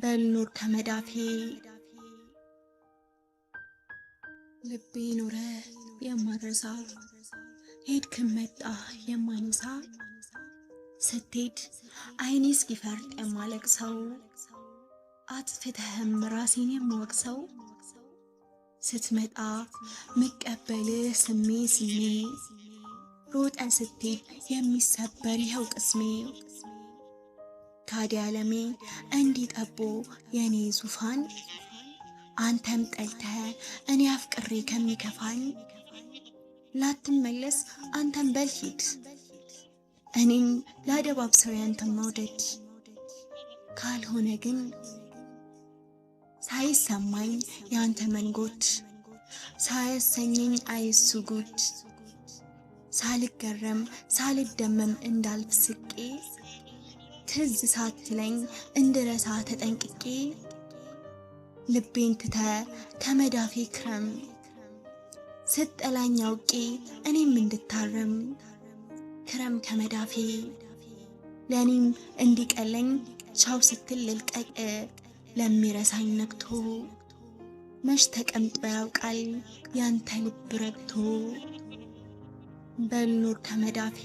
በልኑር ከመዳፌ ልቤ ኖረ የማረሳ ሄድክ መጣ የማነሳ ስትሄድ አይኔ እስኪፈርጥ የማለቅሰው አጥፍተህም ራሴን የማወቅሰው ስትመጣ መቀበልህ ስሜ ስሜ ሮጠ ስትሄድ የሚሰበር ይኸው ቅስሜ ታዲያ ለሜ እንዲህ ጠቦ የእኔ ዙፋን አንተም ጠልተ እኔ አፍቅሬ ከሚከፋኝ ላትመለስ አንተም በልሂድ እኔም ላደባብ ሰው ያንተም መውደድ ካልሆነ ግን ሳይሰማኝ ያንተ መንጎት ሳያሰኘኝ አይሱ ጉድ ሳልገረም ሳልደመም እንዳልፍ ስቄ ትዝ ሳትለኝ እንድረሳ ተጠንቅቄ ልቤን ትተ ከመዳፌ ክረም ስጠላኝ አውቄ እኔም እንድታረም ክረም ከመዳፌ ለእኔም እንዲቀለኝ ቻው ስትል ልልቀቅ ለሚረሳኝ ነግቶ መሽ ተቀምጦ ያውቃል ያንተ ልብ ረግቶ በልኖር ከመዳፌ